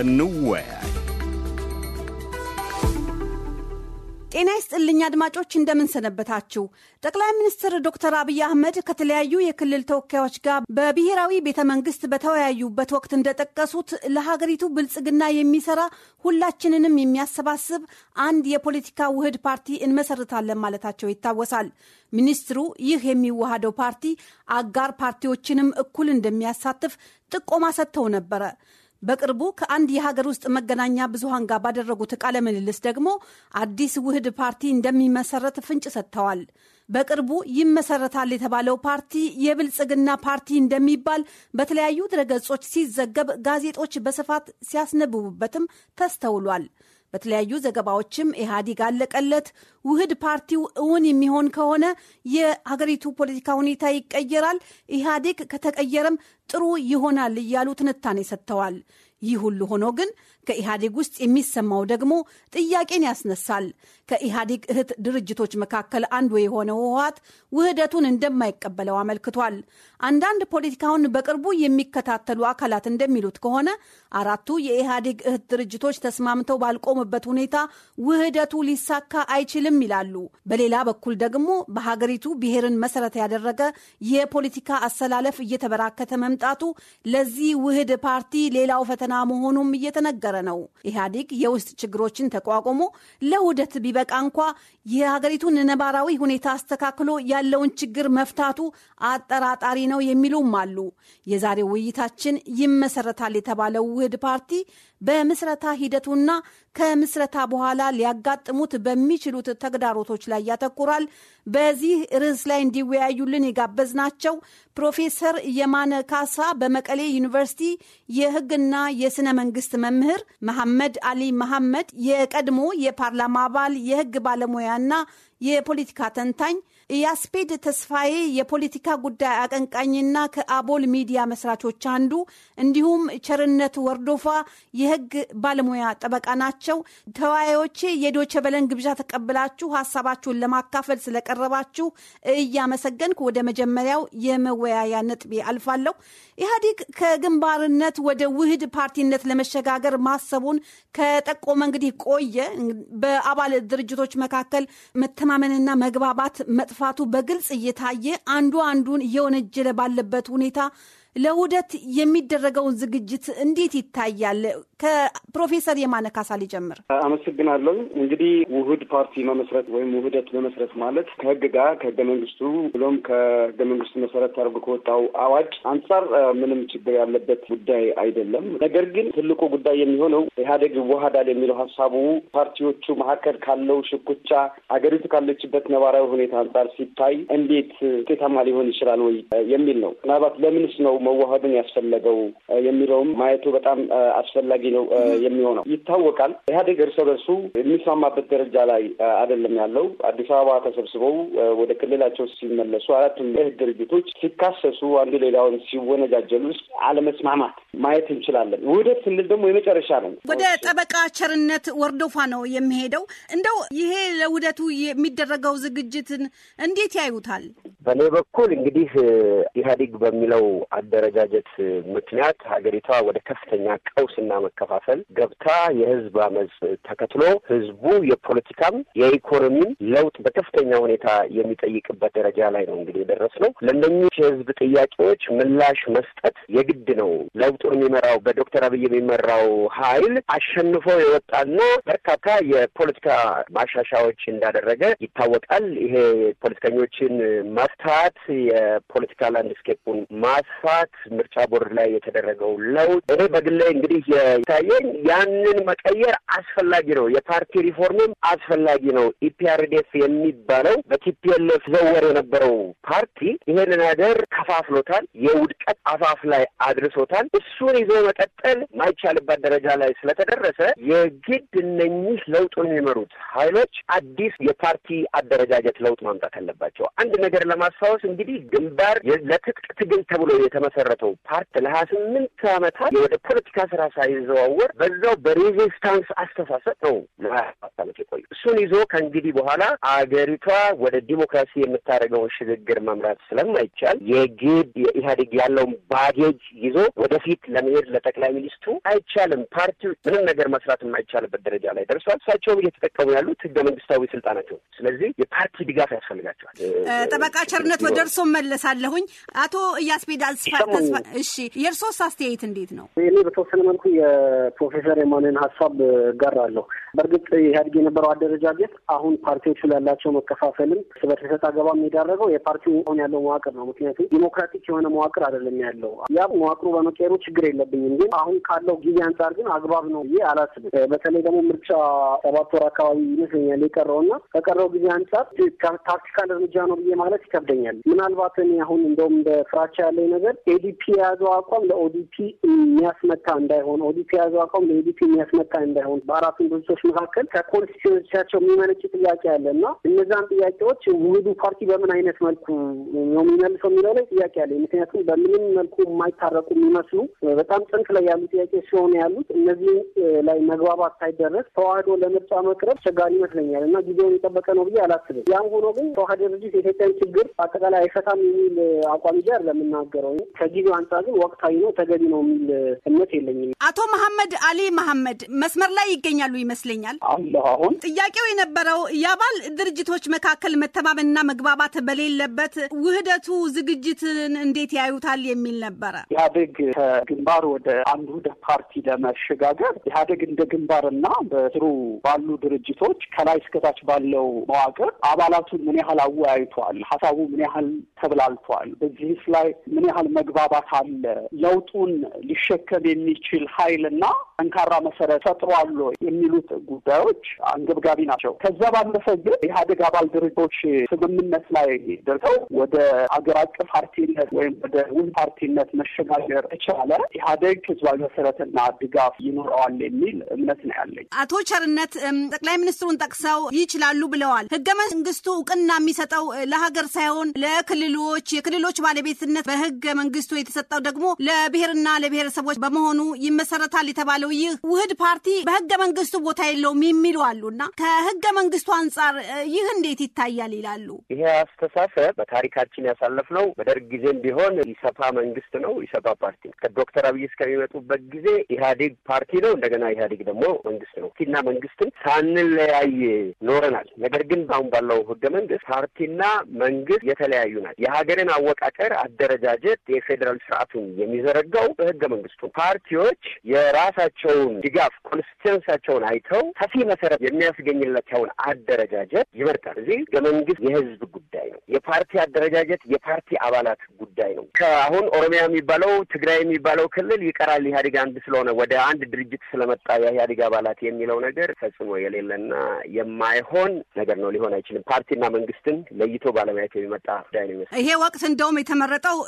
እንወያይ። ጤና ይስጥልኝ አድማጮች፣ እንደምንሰነበታችሁ። ጠቅላይ ሚኒስትር ዶክተር አብይ አህመድ ከተለያዩ የክልል ተወካዮች ጋር በብሔራዊ ቤተ መንግስት በተወያዩበት ወቅት እንደጠቀሱት ለሀገሪቱ ብልጽግና የሚሰራ ሁላችንንም የሚያሰባስብ አንድ የፖለቲካ ውህድ ፓርቲ እንመሰርታለን ማለታቸው ይታወሳል። ሚኒስትሩ ይህ የሚዋሃደው ፓርቲ አጋር ፓርቲዎችንም እኩል እንደሚያሳትፍ ጥቆማ ሰጥተው ነበረ። በቅርቡ ከአንድ የሀገር ውስጥ መገናኛ ብዙሃን ጋር ባደረጉት ቃለ ምልልስ ደግሞ አዲስ ውህድ ፓርቲ እንደሚመሰረት ፍንጭ ሰጥተዋል። በቅርቡ ይመሰረታል የተባለው ፓርቲ የብልጽግና ፓርቲ እንደሚባል በተለያዩ ድረገጾች ሲዘገብ ጋዜጦች በስፋት ሲያስነብቡበትም ተስተውሏል። በተለያዩ ዘገባዎችም ኢህአዲግ አለቀለት፣ ውህድ ፓርቲው እውን የሚሆን ከሆነ የሀገሪቱ ፖለቲካ ሁኔታ ይቀየራል፣ ኢህአዲግ ከተቀየረም ጥሩ ይሆናል እያሉ ትንታኔ ሰጥተዋል። ይህ ሁሉ ሆኖ ግን ከኢህአዴግ ውስጥ የሚሰማው ደግሞ ጥያቄን ያስነሳል። ከኢህአዴግ እህት ድርጅቶች መካከል አንዱ የሆነው ህወሓት ውህደቱን እንደማይቀበለው አመልክቷል። አንዳንድ ፖለቲካውን በቅርቡ የሚከታተሉ አካላት እንደሚሉት ከሆነ አራቱ የኢህአዴግ እህት ድርጅቶች ተስማምተው ባልቆሙበት ሁኔታ ውህደቱ ሊሳካ አይችልም ይላሉ። በሌላ በኩል ደግሞ በሀገሪቱ ብሔርን መሰረት ያደረገ የፖለቲካ አሰላለፍ እየተበራከተ መምጣ መምጣቱ ለዚህ ውህድ ፓርቲ ሌላው ፈተና መሆኑም እየተነገረ ነው። ኢህአዲግ የውስጥ ችግሮችን ተቋቁሞ ለውህደት ቢበቃ እንኳ የሀገሪቱን ነባራዊ ሁኔታ አስተካክሎ ያለውን ችግር መፍታቱ አጠራጣሪ ነው የሚሉም አሉ። የዛሬው ውይይታችን ይመሰረታል የተባለው ውህድ ፓርቲ በምስረታ ሂደቱና ከምስረታ በኋላ ሊያጋጥሙት በሚችሉት ተግዳሮቶች ላይ ያተኩራል። በዚህ ርዕስ ላይ እንዲወያዩልን የጋበዝናቸው ፕሮፌሰር የማነ ካሳ በመቀሌ ዩኒቨርሲቲ የሕግና የስነ መንግስት መምህር፣ መሐመድ አሊ መሐመድ የቀድሞ የፓርላማ አባል የሕግ ባለሙያና የፖለቲካ ተንታኝ ኢያስፔድ ተስፋዬ የፖለቲካ ጉዳይ አቀንቃኝና ከአቦል ሚዲያ መስራቾች አንዱ እንዲሁም ቸርነት ወርዶፋ የህግ ባለሙያ ጠበቃ ናቸው። ተወያዮቼ የዶቸ በለን ግብዣ ተቀብላችሁ ሀሳባችሁን ለማካፈል ስለቀረባችሁ እያመሰገንኩ ወደ መጀመሪያው የመወያያ ነጥቤ አልፋለሁ። ኢህአዲግ ከግንባርነት ወደ ውህድ ፓርቲነት ለመሸጋገር ማሰቡን ከጠቆመ እንግዲህ ቆየ። በአባል ድርጅቶች መካከል መተማመንና መግባባት መጥፋ መጥፋቱ በግልጽ እየታየ አንዱ አንዱን እየወነጀለ ባለበት ሁኔታ ለውደት የሚደረገውን ዝግጅት እንዴት ይታያል? ከፕሮፌሰር የማነ ካሳ ሊጀምር። አመሰግናለሁ። እንግዲህ ውህድ ፓርቲ መመስረት ወይም ውህደት መመስረት ማለት ከህግ ጋር ከህገ መንግስቱ ብሎም ከህገ መንግስቱ መሰረት አድርጎ ከወጣው አዋጅ አንጻር ምንም ችግር ያለበት ጉዳይ አይደለም። ነገር ግን ትልቁ ጉዳይ የሚሆነው ኢህአዴግ ይዋሃዳል የሚለው ሀሳቡ ፓርቲዎቹ መካከል ካለው ሽኩቻ አገሪቱ ካለችበት ነባራዊ ሁኔታ አንጻር ሲታይ እንዴት ውጤታማ ሊሆን ይችላል ወይ የሚል ነው። ምናልባት ለምንስ ነው መዋሃድን ያስፈለገው የሚለውም ማየቱ በጣም አስፈላጊ ነው የሚሆነው። ይታወቃል ኢህአዴግ እርስ በርሱ የሚስማማበት ደረጃ ላይ አይደለም ያለው። አዲስ አበባ ተሰብስበው ወደ ክልላቸው ሲመለሱ አራቱም የህግ ድርጅቶች ሲካሰሱ፣ አንዱ ሌላውን ሲወነጃጀሉ አለመስማማት ማየት እንችላለን። ውህደት ስንል ደግሞ የመጨረሻ ነው። ወደ ጠበቃ ቸርነት ወርዶፋ ነው የሚሄደው። እንደው ይሄ ለውህደቱ የሚደረገው ዝግጅትን እንዴት ያዩታል? በእኔ በኩል እንግዲህ ኢህአዴግ በሚለው አደረጃጀት ምክንያት ሀገሪቷ ወደ ከፍተኛ ቀውስ እናመካል ለማከፋፈል ገብታ የህዝብ አመፅ ተከትሎ ህዝቡ የፖለቲካም የኢኮኖሚም ለውጥ በከፍተኛ ሁኔታ የሚጠይቅበት ደረጃ ላይ ነው እንግዲህ የደረስነው። ለእነኚህ የህዝብ ጥያቄዎች ምላሽ መስጠት የግድ ነው። ለውጡን የሚመራው በዶክተር አብይ የሚመራው ኃይል አሸንፎ የወጣና በርካታ የፖለቲካ ማሻሻዎች እንዳደረገ ይታወቃል። ይሄ ፖለቲከኞችን መፍታት፣ የፖለቲካ ላንድስኬፑን ማስፋት፣ ምርጫ ቦርድ ላይ የተደረገው ለውጥ እኔ በግሌ እንግዲህ ይታየኝ ያንን መቀየር አስፈላጊ ነው። የፓርቲ ሪፎርምም አስፈላጊ ነው። ኢፒአርዴፍ የሚባለው በቲፒኤልኤፍ ዘወር የነበረው ፓርቲ ይሄን ነገር ከፋፍሎታል። የውድቀት አፋፍ ላይ አድርሶታል። እሱን ይዞ መቀጠል ማይቻልባት ደረጃ ላይ ስለተደረሰ የግድ እነኚህ ለውጡን የሚመሩት ኃይሎች አዲስ የፓርቲ አደረጃጀት ለውጥ ማምጣት አለባቸው። አንድ ነገር ለማስታወስ እንግዲህ ግንባር ለትጥቅ ትግል ተብሎ የተመሰረተው ፓርቲ ለሀያ ስምንት ዓመታት ወደ ፖለቲካ ስራ ሳይዘው ሳይዘዋወር በዛው በሬዚስታንስ አስተሳሰብ ነው ለሀያሰባት ዓመት የቆዩ እሱን ይዞ ከእንግዲህ በኋላ አገሪቷ ወደ ዲሞክራሲ የምታደርገውን ሽግግር መምራት ስለማይቻል የግድ የኢህአዴግ ያለውን ባጌጅ ይዞ ወደፊት ለመሄድ ለጠቅላይ ሚኒስትሩ አይቻልም። ፓርቲው ምንም ነገር መስራት የማይቻልበት ደረጃ ላይ ደርሷል። እሳቸውም እየተጠቀሙ ያሉት ህገ መንግስታዊ ስልጣናቸው። ስለዚህ የፓርቲ ድጋፍ ያስፈልጋቸዋል። ጠበቃ ቸርነት ወደ እርሶ መለሳለሁኝ። አቶ እያስቤዳ እሺ፣ የእርሶስ አስተያየት እንዴት ነው? እኔ በተወሰነ መልኩ ከፕሮፌሰር የማንን ሀሳብ እጋራለሁ። በእርግጥ ኢህአዴግ የነበረው አደረጃጀት አሁን ፓርቲዎቹ ላላቸው መከፋፈልም ስበተሰጥ አገባ የሚዳረገው የፓርቲው አሁን ያለው መዋቅር ነው። ምክንያቱም ዲሞክራቲክ የሆነ መዋቅር አይደለም ያለው። ያ መዋቅሩ በመቀየሩ ችግር የለብኝም፣ ግን አሁን ካለው ጊዜ አንጻር ግን አግባብ ነው ብዬ አላስብም። በተለይ ደግሞ ምርጫ ሰባት ወር አካባቢ ይመስለኛል የቀረው እና ከቀረው ጊዜ አንጻር ታክቲካል እርምጃ ነው ብዬ ማለት ይከብደኛል። ምናልባት እኔ አሁን እንደውም በፍራቻ ያለኝ ነገር ኤዲፒ የያዘው አቋም ለኦዲፒ የሚያስመታ እንዳይሆን ኦዲፒ የተያዘው አቋም ለኢዲፒ የሚያስመጣ እንዳይሆን በአራቱን ድርጅቶች መካከል ከኮንስቲቲዩንሲያቸው የሚመነጭ ጥያቄ አለ እና እነዛን ጥያቄዎች ውህዱ ፓርቲ በምን አይነት መልኩ ነው የሚመልሰው የሚለው ላይ ጥያቄ አለ። ምክንያቱም በምንም መልኩ የማይታረቁ የሚመስሉ በጣም ጥንት ላይ ያሉ ጥያቄ ሲሆኑ ያሉት እነዚህ ላይ መግባባት ሳይደረስ ተዋህዶ ለምርጫ መቅረብ አስቸጋሪ ይመስለኛል እና ጊዜውን የጠበቀ ነው ብዬ አላስብም። ያም ሆኖ ግን ተዋህዶ ድርጅት የኢትዮጵያን ችግር አጠቃላይ አይፈታም የሚል አቋም ይዤ ለምናገረው ከጊዜው አንጻር ግን ወቅታዊ ነው ተገቢ ነው የሚል እምነት የለኝም። አቶ መሐመድ አሊ መሐመድ መስመር ላይ ይገኛሉ ይመስለኛል። አሁን ጥያቄው የነበረው የአባል ድርጅቶች መካከል መተማመንና መግባባት በሌለበት ውህደቱ ዝግጅትን እንዴት ያዩታል የሚል ነበረ። ኢህአዴግ ከግንባር ወደ አንድ ውህደት ፓርቲ ለመሸጋገር ኢህአዴግ እንደ ግንባርና በስሩ ባሉ ድርጅቶች ከላይ እስከታች ባለው መዋቅር አባላቱን ምን ያህል አወያይቷል፣ ሀሳቡ ምን ያህል ተብላልቷል፣ በዚህስ ላይ ምን ያህል መግባባት አለ፣ ለውጡን ሊሸከም የሚችል ሀይል እና ጠንካራ መሰረት ፈጥሯል የሚሉት ጉዳዮች አንገብጋቢ ናቸው። ከዛ ባለፈ ግን ኢህአዴግ አባል ድርጅቶች ስምምነት ላይ ደርሰው ወደ አገር አቀፍ ፓርቲነት ወይም ወደ ውል ፓርቲነት መሸጋገር ተቻለ፣ ኢህአዴግ ህዝባዊ መሰረትና ድጋፍ ይኖረዋል የሚል እምነት ነው ያለኝ። አቶ ቸርነት ጠቅላይ ሚኒስትሩን ጠቅሰው ይችላሉ ብለዋል። ህገ መንግስቱ እውቅና የሚሰጠው ለሀገር ሳይሆን ለክልሎች፣ የክልሎች ባለቤትነት በህገ መንግስቱ የተሰጠው ደግሞ ለብሔርና ለብሔረሰቦች በመሆኑ ይመሰረታል ይሰጣል የተባለው ይህ ውህድ ፓርቲ በህገ መንግስቱ ቦታ የለውም የሚሉ አሉና ከህገ መንግስቱ አንጻር ይህ እንዴት ይታያል ይላሉ። ይሄ አስተሳሰብ በታሪካችን ያሳለፍነው በደርግ ጊዜም ቢሆን ኢሰፓ መንግስት ነው፣ ኢሰፓ ፓርቲ ነው። ከዶክተር አብይ እስከሚመጡበት ጊዜ ኢህአዴግ ፓርቲ ነው፣ እንደገና ኢህአዴግ ደግሞ መንግስት ነው። ፓርቲና መንግስትን ሳንለያይ ኖረናል። ነገር ግን አሁን ባለው ህገ መንግስት ፓርቲና መንግስት የተለያዩ ናል። የሀገርን አወቃቀር አደረጃጀት የፌዴራል ስርዓቱን የሚዘረጋው በህገ መንግስቱ ፓርቲዎች የራሳቸውን ድጋፍ ኮንስቲትንሳቸውን አይተው ሰፊ መሰረት የሚያስገኝላቸውን አደረጃጀት ይመርጣል። እዚህ ህገ መንግስት የህዝብ ጉዳይ ነው። የፓርቲ አደረጃጀት የፓርቲ አባላት ጉዳይ ነው። ከአሁን ኦሮሚያ የሚባለው ትግራይ የሚባለው ክልል ይቀራል ኢህአዴግ አንድ ስለሆነ ወደ አንድ ድርጅት ስለመጣ የኢህአዴግ አባላት የሚለው ነገር ፈጽሞ የሌለና የማይሆን ነገር ነው። ሊሆን አይችልም። ፓርቲና መንግስትን ለይቶ ባለማየት የሚመጣ ጉዳይ ነው ይመስል ይሄ ወቅት እንደውም የተመረጠው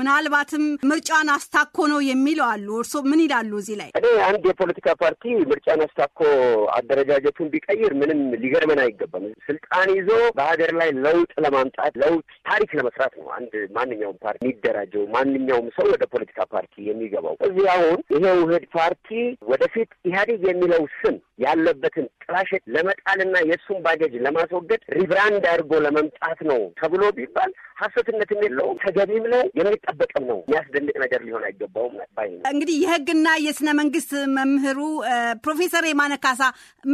ምናልባትም ምርጫን አስታኮ ነው የሚለው አሉ። እርስዎ ምን ይላሉ እዚህ ላይ? እኔ አንድ የፖለቲካ ፓርቲ ምርጫን አስታኮ አደረጃጀቱን ቢቀይር ምንም ሊገርመን አይገባም። ስልጣን ይዞ በሀገር ላይ ለውጥ ለማምጣት ለውጥ ታሪክ ለመስራት ነው አንድ ማንኛውም ፓርቲ የሚደራጀው ማንኛውም ሰው ወደ ፖለቲካ ፓርቲ የሚገባው። እዚህ አሁን ይሄ ውህድ ፓርቲ ወደፊት ኢህአዴግ የሚለው ስም ያለበትን ጥላሸት ለመጣልና የእሱን ባጃጅ ለማስወገድ ሪብራንድ አድርጎ ለመምጣት ነው ተብሎ ቢባል ሀሰትነትም የለውም ተገቢም ነው የሚጠበቅም ነው። የሚያስደንቅ ነገር ሊሆን አይገባውም። ባይ እንግዲህ የህግና የስነ መንግስት መምህሩ ፕሮፌሰር የማነ ካሳ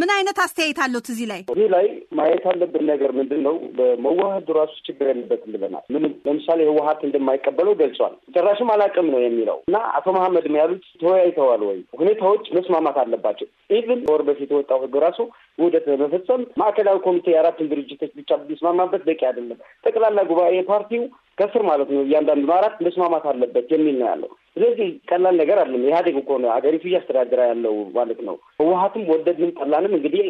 ምን አይነት አስተያየት አለት? እዚህ ላይ እዚህ ላይ ማየት አለብን ነገር ምንድን ነው በመዋሀዱ ራሱ ችግር ያለበት ብለናል። ምንም ለምሳሌ ህወሀት እንደማይቀበለው ገልጿል። ጭራሽም አላቅም ነው የሚለው እና አቶ መሀመድ ያሉት ተወያይተዋል ወይ ሁኔታዎች መስማማት አለባቸው። ኢቭን ወር በፊት የወጣው ህግ ራሱ ውህደት በመፈጸም ማዕከላዊ ኮሚቴ የአራቱን ድርጅቶች ብቻ ቢስማማበት በቂ አይደለም። ጠቅላላ ጉባኤ ፓርቲው ከስር ማለት ነው እያንዳንዱ አራት መስማማት አለበት የሚል ነው ያለው። ስለዚህ ቀላል ነገር አለም። ኢህአዴግ እኮ ነው አገሪቱ እያስተዳደረ ያለው ማለት ነው። ህወሀትም ወደድንም ጠላንም እንግዲህ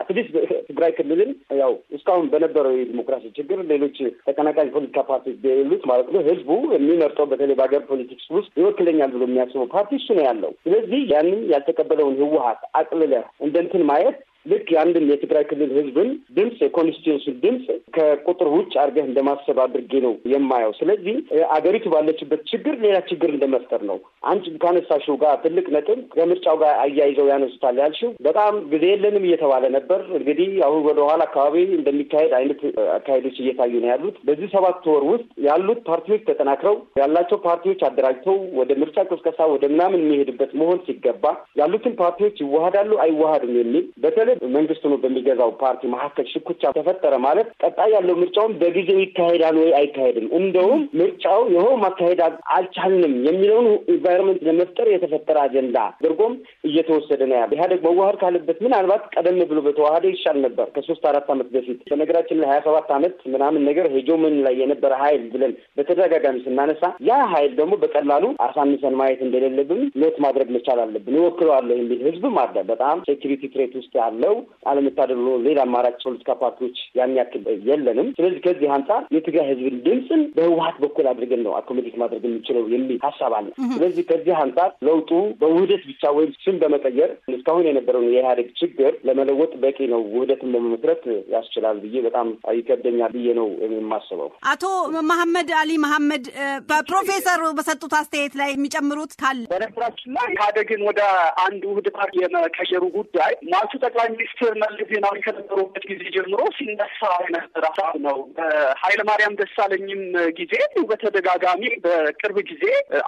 አትሊስት ትግራይ ክልልን ያው እስካሁን በነበረው የዲሞክራሲ ችግር ሌሎች ተቀናቃኝ ፖለቲካ ፓርቲዎች የሌሉት ማለት ነው ህዝቡ የሚመርጠው በተለይ በሀገር ፖለቲክስ ውስጥ ይወክለኛል ብሎ የሚያስበው ፓርቲ እሱ ነው ያለው። ስለዚህ ያንን ያልተቀበለውን ህወሀት አቅልለ እንደንትን ማየት ልክ የአንድን የትግራይ ክልል ህዝብን ድምፅ የኮንስቲቱንሲን ድምፅ ከቁጥር ውጭ አድርገህ እንደማሰብ አድርጌ ነው የማየው። ስለዚህ አገሪቱ ባለችበት ችግር ሌላ ችግር እንደመፍጠር ነው። አንቺ ካነሳሽው ጋር ትልቅ ነጥብ ከምርጫው ጋር አያይዘው ያነሱታል ያልሽው በጣም ጊዜ የለንም እየተባለ ነበር። እንግዲህ አሁን ወደኋላ አካባቢ እንደሚካሄድ አይነት አካሄዶች እየታዩ ነው ያሉት። በዚህ ሰባት ወር ውስጥ ያሉት ፓርቲዎች ተጠናክረው ያላቸው ፓርቲዎች አደራጅተው ወደ ምርጫ ቅስቀሳ ወደ ምናምን የሚሄድበት መሆን ሲገባ ያሉትን ፓርቲዎች ይዋሃዳሉ አይዋሃዱም የሚል በተለይ ማለት ነው በሚገዛው ፓርቲ መካከል ሽኩቻ ተፈጠረ ማለት ቀጣይ ያለው ምርጫውን በጊዜው ይካሄዳል ወይ አይካሄድም፣ እንደውም ምርጫው ይኸው ማካሄድ አልቻልንም የሚለውን ኢንቫይሮንመንት ለመፍጠር የተፈጠረ አጀንዳ አድርጎም እየተወሰደ ነው ያለ። ኢህአዴግ መዋሀድ ካለበት ምናልባት ቀደም ብሎ በተዋህደ ይሻል ነበር ከሶስት አራት ዓመት በፊት በነገራችን ላይ ሀያ ሰባት ዓመት ምናምን ነገር ሄጆምን ላይ የነበረ ሀይል ብለን በተደጋጋሚ ስናነሳ ያ ሀይል ደግሞ በቀላሉ አሳንሰን ማየት እንደሌለብን ኖት ማድረግ መቻል አለብን። ይወክለዋለሁ የሚል ህዝብም አለ። በጣም ሴኪሪቲ ትሬት ውስጥ ያለ ያለው አለመታደል ሆኖ ሌላ አማራጭ ፖለቲካ ፓርቲዎች ያን ያክል የለንም። ስለዚህ ከዚህ አንጻር የትግራይ ህዝብን ድምፅን በህወሀት በኩል አድርገን ነው አኮሞዴት ማድረግ የምንችለው የሚል ሀሳብ አለ። ስለዚህ ከዚህ አንጻር ለውጡ በውህደት ብቻ ወይም ስም በመቀየር እስካሁን የነበረውን የኢህአዴግ ችግር ለመለወጥ በቂ ነው፣ ውህደትን ለመመስረት ያስችላል ብዬ በጣም ይከብደኛል ብዬ ነው የማስበው። አቶ መሐመድ አሊ መሐመድ በፕሮፌሰር በሰጡት አስተያየት ላይ የሚጨምሩት ካለ በነገራችን ላይ ኢህአዴግን ወደ አንድ ውህድ ፓርቲ የመቀየሩ ጉዳይ ሟቹ ጠቅላይ ሚኒስትር መለስ ዜናዊ ከነበሩበት ጊዜ ጀምሮ ሲነሳ የነበረ ሀሳብ ነው። በኃይለ ማርያም ደሳለኝም ጊዜ በተደጋጋሚ በቅርብ ጊዜ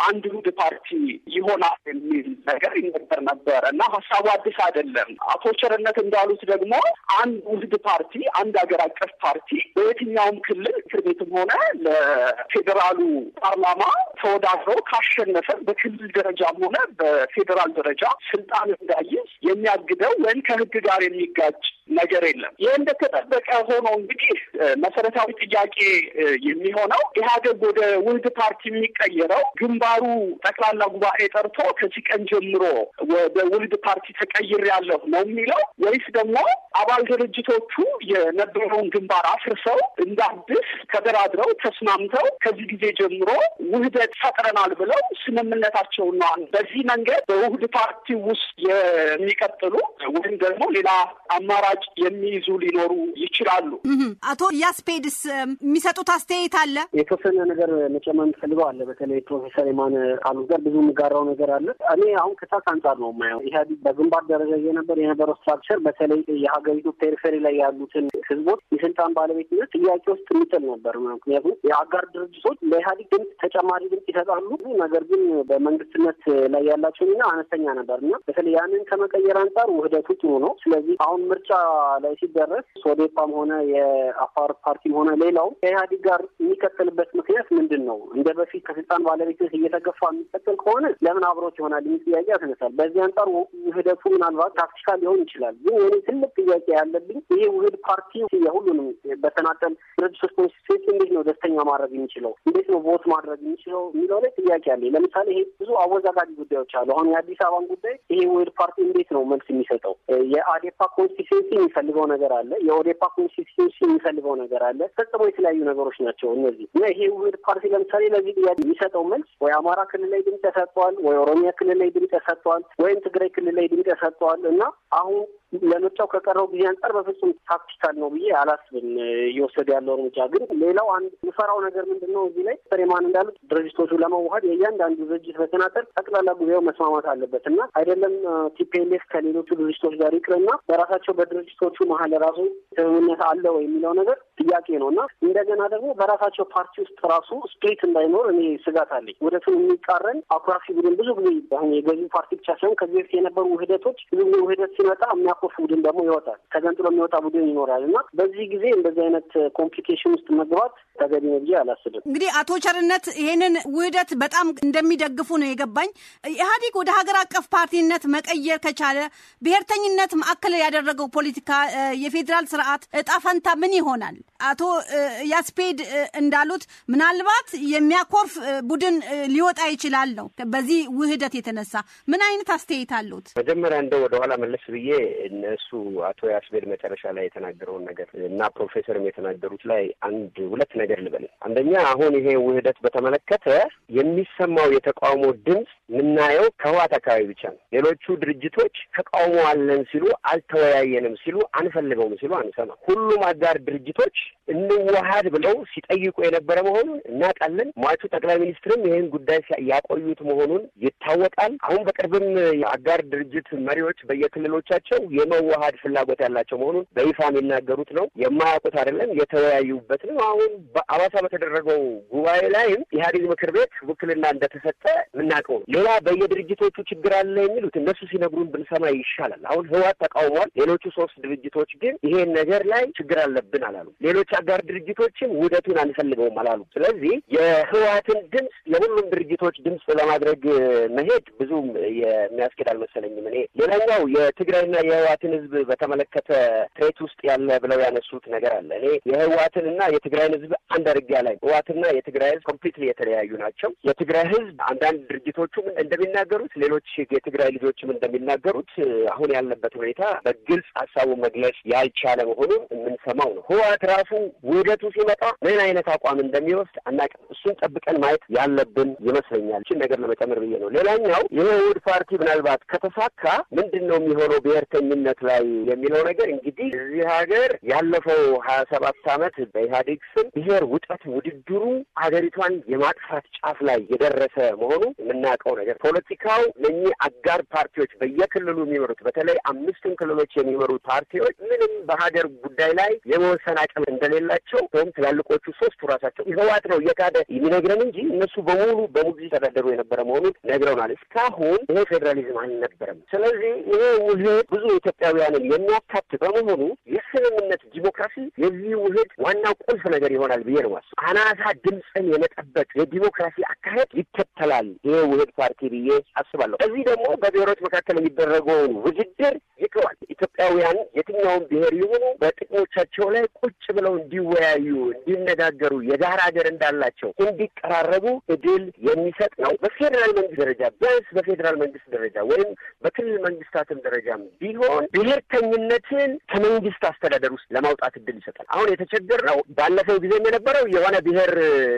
አንድ ውህድ ፓርቲ ይሆናል የሚል ነገር ይነገር ነበር እና ሀሳቡ አዲስ አይደለም። አቶ ቸርነት እንዳሉት ደግሞ አንድ ውህድ ፓርቲ፣ አንድ ሀገር አቀፍ ፓርቲ በየትኛውም ክልል ምክር ቤትም ሆነ ለፌዴራሉ ፓርላማ ተወዳድሮ ካሸነፈ በክልል ደረጃም ሆነ በፌዴራል ደረጃ ስልጣን እንዳይዝ የሚያግደው ወይም ከህግ ጋር ጋር የሚጋጭ ነገር የለም። ይህ እንደተጠበቀ ሆኖ እንግዲህ መሰረታዊ ጥያቄ የሚሆነው ኢህአዴግ ወደ ውህድ ፓርቲ የሚቀየረው ግንባሩ ጠቅላላ ጉባኤ ጠርቶ ከዚህ ቀን ጀምሮ ወደ ውህድ ፓርቲ ተቀይሬያለሁ ነው የሚለው ወይስ ደግሞ አባል ድርጅቶቹ የነበረውን ግንባር አፍርሰው እንደ አዲስ ተደራድረው ተስማምተው ከዚህ ጊዜ ጀምሮ ውህደት ፈጥረናል ብለው ስምምነታቸውን በዚህ መንገድ በውህድ ፓርቲ ውስጥ የሚቀጥሉ ወይም ደግሞ ሌላ አማራጭ የሚይዙ ሊኖሩ ይችላሉ። አቶ ያስፔድስ የሚሰጡት አስተያየት አለ። የተወሰነ ነገር መጨመር የምፈልገው አለ። በተለይ ፕሮፌሰር የማነ ቃሉ ጋር ብዙ የሚጋራው ነገር አለ። እኔ አሁን ከታስ አንጻር ነው የማየው። ኢህአዲግ በግንባር ደረጃ እየነበር የነበረው ስትራክቸር በተለይ የሀገሪቱ ፔሪፌሪ ላይ ያሉትን ህዝቦች የስልጣን ባለቤትነት ጥያቄ ውስጥ የሚጥል ነበር። ምክንያቱም የአጋር ድርጅቶች ለኢህአዲግ ድምፅ ተጨማሪ ድምፅ ይሰጣሉ፣ ነገር ግን በመንግስትነት ላይ ያላቸው ሚና አነስተኛ ነበር እና በተለይ ያንን ከመቀየር አንጻር ውህደቱ ጥሩ ነው። ስለዚህ አሁን ምርጫ ላይ ሲደረስ ሶዴፓም ሆነ የአፋር ፓርቲም ሆነ ሌላው ከኢህአዴግ ጋር የሚቀጥልበት ምክንያት ምንድን ነው? እንደ በፊት ከስልጣን ባለቤትነት እየተገፋ የሚቀጥል ከሆነ ለምን አብሮት ይሆናል የሚል ጥያቄ ያስነሳል። በዚህ አንጻር ውህደቱ ምናልባት ታክቲካል ሊሆን ይችላል። ግን የኔ ትልቅ ጥያቄ ያለብኝ ይሄ ውህድ ፓርቲ የሁሉንም በተናጠል ድርጅቶች ኮንስቲትዌንሲ እንዴት ነው ደስተኛ ማድረግ የሚችለው እንዴት ነው ቮት ማድረግ የሚችለው የሚለው ላይ ጥያቄ አለ። ለምሳሌ ይሄ ብዙ አወዛጋቢ ጉዳዮች አሉ። አሁን የአዲስ አበባን ጉዳይ ይሄ ውህድ ፓርቲ እንዴት ነው መልስ የሚሰጠው? አዴፓ ኮንስቲቱንሲ የሚፈልገው ነገር አለ። የኦዴፓ ኮንስቲቱንሲ የሚፈልገው ነገር አለ። ፈጽሞ የተለያዩ ነገሮች ናቸው እነዚህ እና ይሄ ውህድ ፓርቲ ለምሳሌ ለዚህ ጥያቄ የሚሰጠው መልስ ወይ አማራ ክልል ላይ ድምፅ ሰጥተዋል፣ ወይ ኦሮሚያ ክልል ላይ ድምፅ ሰጥተዋል፣ ወይም ትግራይ ክልል ላይ ድምፅ ሰጥተዋል እና አሁን ለምርጫው ከቀረው ጊዜ አንጻር በፍጹም ታክቲካል ነው ብዬ አላስብም እየወሰደ ያለው እርምጃ። ግን ሌላው አንድ የምፈራው ነገር ምንድን ነው እዚህ ላይ ፍሬማን እንዳሉት ድርጅቶቹ ለመዋሀድ የእያንዳንዱ ድርጅት በተናጠል ጠቅላላ ጉባኤው መስማማት አለበት እና አይደለም ቲፒኤልኤፍ ከሌሎቹ ድርጅቶች ጋር ይቅርና በራሳቸው በድርጅቶቹ መሀል ራሱ ስምምነት አለ ወይ የሚለው ነገር ጥያቄ ነው እና እንደገና ደግሞ በራሳቸው ፓርቲ ውስጥ ራሱ ስፕሪት እንዳይኖር እኔ ስጋት አለኝ። ወደቱን የሚቃረን አኩራፊ ቡድን ብዙ ጊዜ አሁን የገዢው ፓርቲ ብቻ ሳይሆን ከዚህ በፊት የነበሩ ውህደቶች ብዙ ጊዜ ውህደት ሲመጣ የሚያ የሚያኮርፍ ቡድን ደግሞ ይወጣል። ተገንጥሎ የሚወጣ ቡድን ይኖራል እና በዚህ ጊዜ እንደዚህ አይነት ኮምፕሊኬሽን ውስጥ መግባት ተገቢ ነው ብዬ አላስብም። እንግዲህ አቶ ቸርነት ይሄንን ውህደት በጣም እንደሚደግፉ ነው የገባኝ። ኢህአዴግ ወደ ሀገር አቀፍ ፓርቲነት መቀየር ከቻለ ብሔርተኝነት ማዕከል ያደረገው ፖለቲካ የፌዴራል ስርዓት እጣ ፈንታ ምን ይሆናል? አቶ ያስፔድ እንዳሉት ምናልባት የሚያኮርፍ ቡድን ሊወጣ ይችላል ነው። በዚህ ውህደት የተነሳ ምን አይነት አስተያየት አሉት? መጀመሪያ እንደው ወደኋላ መለስ ብዬ እነሱ አቶ ያስፔድ መጨረሻ ላይ የተናገረውን ነገር እና ፕሮፌሰርም የተናገሩት ላይ አንድ ሁለት ነገር ልበል። አንደኛ አሁን ይሄ ውህደት በተመለከተ የሚሰማው የተቃውሞ ድምፅ የምናየው ከህዋት አካባቢ ብቻ ነው። ሌሎቹ ድርጅቶች ተቃውሞ አለን ሲሉ፣ አልተወያየንም ሲሉ፣ አንፈልገውም ሲሉ አንሰማ። ሁሉም አጋር ድርጅቶች እንዋሀድ ብለው ሲጠይቁ የነበረ መሆኑን እናውቃለን። ሟቹ ጠቅላይ ሚኒስትርም ይህን ጉዳይ ያቆዩት መሆኑን ይታወቃል። አሁን በቅርብም የአጋር ድርጅት መሪዎች በየክልሎቻቸው የመዋሀድ ፍላጎት ያላቸው መሆኑን በይፋ የሚናገሩት ነው። የማያውቁት አይደለም፣ የተወያዩበት ነው። አሁን በአዋሳ በተደረገው ጉባኤ ላይም ኢህአዴግ ምክር ቤት ውክልና እንደተሰጠ የምናውቀው ነው። ሌላ በየድርጅቶቹ ችግር አለ የሚሉት እነሱ ሲነግሩን ብንሰማ ይሻላል። አሁን ህወሓት ተቃውሟል። ሌሎቹ ሶስት ድርጅቶች ግን ይሄን ነገር ላይ ችግር አለብን አላሉ። ሌሎች አጋር ድርጅቶችም ውህደቱን አንፈልገውም አላሉ። ስለዚህ የህወሓትን ድምፅ የሁሉም ድርጅቶች ድምፅ ለማድረግ መሄድ ብዙም የሚያስኬድ አልመሰለኝም። እኔ ሌላኛው የትግራይና የህወሓትን ህዝብ በተመለከተ ትሬት ውስጥ ያለ ብለው ያነሱት ነገር አለ። እኔ የህወሓትንና የትግራይን ህዝብ አንድ እርግያ ላይ ህወሓትና የትግራይ ህዝብ ኮምፕሊትሊ የተለያዩ ናቸው። የትግራይ ህዝብ አንዳንድ ድርጅቶቹም እንደሚናገሩት፣ ሌሎች የትግራይ ልጆችም እንደሚናገሩት አሁን ያለበት ሁኔታ በግልጽ ሀሳቡ መግለጽ ያልቻለ መሆኑን የምንሰማው ነው። ህዋት ራሱ ውህደቱ ሲመጣ ምን አይነት አቋም እንደሚወስድ አናውቅም። እሱን ጠብቀን ማየት ያለብን ይመስለኛል። ይችን ነገር ለመጨመር ብዬ ነው። ሌላኛው ይህ ፓርቲ ምናልባት ከተሳካ ምንድን ነው የሚሆነው ብሔርተኝነት ላይ የሚለው ነገር እንግዲህ እዚህ ሀገር ያለፈው ሀያ ሰባት አመት በኢህአዴግ ስም የመስመር ውጠት ውድድሩ ሀገሪቷን የማጥፋት ጫፍ ላይ የደረሰ መሆኑ የምናውቀው ነገር ፖለቲካው ለእኚህ አጋር ፓርቲዎች በየክልሉ የሚመሩት በተለይ አምስቱን ክልሎች የሚመሩ ፓርቲዎች ምንም በሀገር ጉዳይ ላይ የመወሰን አቅም እንደሌላቸው ወይም ትላልቆቹ ሶስቱ ራሳቸው ህወሓት ነው እየካደ የሚነግረን እንጂ እነሱ በሙሉ በሙሉ ተዳደሩ የነበረ መሆኑን ነግረውናል። እስካሁን ይሄ ፌዴራሊዝም አልነበረም። ስለዚህ ይሄ ውህድ ብዙ ኢትዮጵያውያንን የሚያካት በመሆኑ የስምምነት ዲሞክራሲ የዚህ ውህድ ዋና ቁልፍ ነገር ይሆናል ብዬ ነው ማስ አናሳ ድምፅን የመጠበቅ የዲሞክራሲ አካሄድ ይከተላል ይሄ ውህድ ፓርቲ ብዬ አስባለሁ። እዚህ ደግሞ በብሔሮች መካከል የሚደረገውን ውድድር ይቅሯል። ኢትዮጵያውያን የትኛውን ብሔር ይሁኑ በጥቅሞቻቸው ላይ ቁጭ ብለው እንዲወያዩ፣ እንዲነጋገሩ የጋራ ሀገር እንዳላቸው እንዲቀራረቡ እድል የሚሰጥ ነው። በፌዴራል መንግስት ደረጃ ቢያንስ በፌዴራል መንግስት ደረጃ ወይም በክልል መንግስታትም ደረጃም ቢሆን ብሔርተኝነትን ከመንግስት አስተዳደር ውስጥ ለማውጣት እድል ይሰጣል። አሁን ነው ባለፈው ጊዜ የነበረው የሆነ ብሔር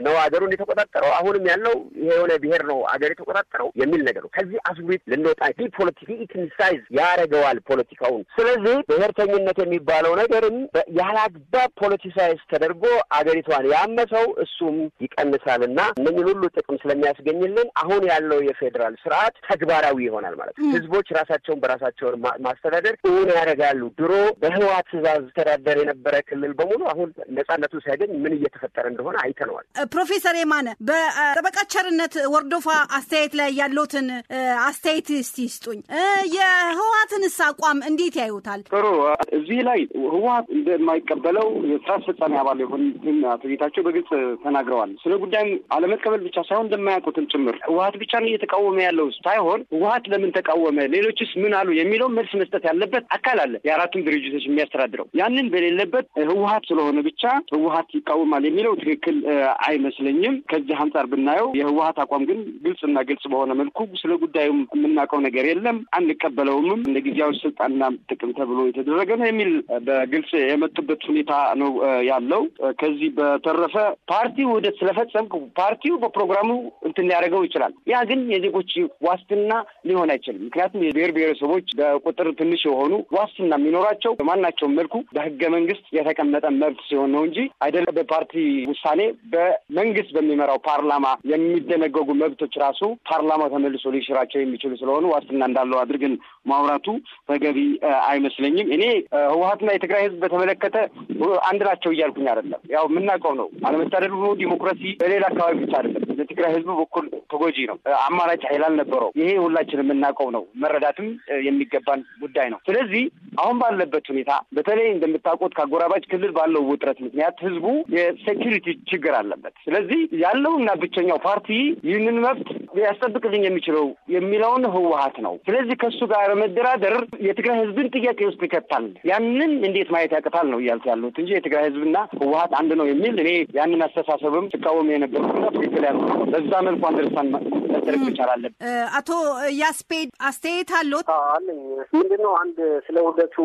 ነው ሀገሩን የተቆጣጠረው፣ አሁንም ያለው ይሄ የሆነ ብሔር ነው ሀገር የተቆጣጠረው የሚል ነገር ነው። ከዚህ አስጉሪት ልንወጣ ዲፖለቲ ኢትኒሳይዝ ያደረገዋል ፖለቲካውን። ስለዚህ ብሔርተኝነት የሚባለው ነገርም ያለ አግባብ ፖለቲሳይዝ ተደርጎ አገሪቷን ያመሰው እሱም ይቀንሳል እና እነኝን ሁሉ ጥቅም ስለሚያስገኝልን አሁን ያለው የፌዴራል ስርዓት ተግባራዊ ይሆናል ማለት ነው። ህዝቦች ራሳቸውን በራሳቸውን ማስተዳደር እውን ያደርጋሉ። ድሮ በህዋ ትእዛዝ ተዳደር የነበረ ክልል በሙሉ አሁን ነጻነቱ ሲያገኝ ምን እየተፈጠረ እንደሆነ አይተነዋል። ፕሮፌሰር የማነ በጠበቃ ቸርነት ወርዶፋ አስተያየት ላይ ያለትን አስተያየት እስቲ ይስጡኝ። የህወሀትንስ አቋም እንዴት ያዩታል? ጥሩ። እዚህ ላይ ህወሀት እንደማይቀበለው የስራ አስፈጻሚ አባል የሆኑትን አቶ ጌታቸው በግልጽ ተናግረዋል። ስለ ጉዳይም አለመቀበል ብቻ ሳይሆን እንደማያውቁትም ጭምር ህወሀት ብቻ ነው እየተቃወመ ያለው ሳይሆን ህወሀት ለምን ተቃወመ፣ ሌሎችስ ምን አሉ የሚለው መልስ መስጠት ያለበት አካል አለ፣ የአራቱም ድርጅቶች የሚያስተዳድረው። ያንን በሌለበት ህወሀት ስለሆነ ብቻ ህወሀት ይቃወማል ይጠቅማል የሚለው ትክክል አይመስለኝም። ከዚህ አንጻር ብናየው የህወሀት አቋም ግን ግልጽና ግልጽ በሆነ መልኩ ስለ ጉዳዩም የምናውቀው ነገር የለም አንቀበለውምም፣ እንደ ጊዜያዊ ስልጣንና ጥቅም ተብሎ የተደረገ ነው የሚል በግልጽ የመጡበት ሁኔታ ነው ያለው። ከዚህ በተረፈ ፓርቲው ውህደት ስለፈጸም ፓርቲው በፕሮግራሙ እንትን ሊያደርገው ይችላል። ያ ግን የዜጎች ዋስትና ሊሆን አይችልም። ምክንያቱም የብሔር ብሔረሰቦች በቁጥር ትንሽ የሆኑ ዋስትና የሚኖራቸው በማናቸውም መልኩ በህገ መንግስት የተቀመጠ መብት ሲሆን ነው እንጂ አይደለም በፓርቲ ፓርቲ ውሳኔ በመንግስት በሚመራው ፓርላማ የሚደነገጉ መብቶች ራሱ ፓርላማ ተመልሶ ሊሽራቸው የሚችሉ ስለሆኑ ዋስትና እንዳለው አድርገን ማውራቱ ተገቢ አይመስለኝም። እኔ ህወሀትና የትግራይ ህዝብ በተመለከተ አንድ ናቸው እያልኩኝ አይደለም። ያው የምናውቀው ነው አለመታደሉ ዲሞክራሲ በሌላ አካባቢ ብቻ አይደለም። ለትግራይ ህዝብ በኩል ተጎጂ ነው፣ አማራጭ ኃይል አልነበረው። ይሄ ሁላችን የምናውቀው ነው፣ መረዳትም የሚገባን ጉዳይ ነው። ስለዚህ አሁን ባለበት ሁኔታ በተለይ እንደምታውቁት ከአጎራባች ክልል ባለው ውጥረት ምክንያት ህዝቡ ሴኪሪቲ ችግር አለበት። ስለዚህ ያለውና ብቸኛው ፓርቲ ይህንን መብት ሊያስጠብቅልኝ የሚችለው የሚለውን ህወሀት ነው። ስለዚህ ከእሱ ጋር መደራደር የትግራይ ህዝብን ጥያቄ ውስጥ ይከታል። ያንን እንዴት ማየት ያቅታል ነው እያልኩ ያሉት እንጂ የትግራይ ህዝብና ህወሀት አንድ ነው የሚል እኔ ያንን አስተሳሰብም ስቃወም የነበርኩበት ትክክል ያሉ በዛ መልኩ አንደርስታንድ መደረግ መቻል አለብን። አቶ ያስፔድ አስተያየት አለት አለኝ። ምንድን ነው አንድ ስለ ውህደቱ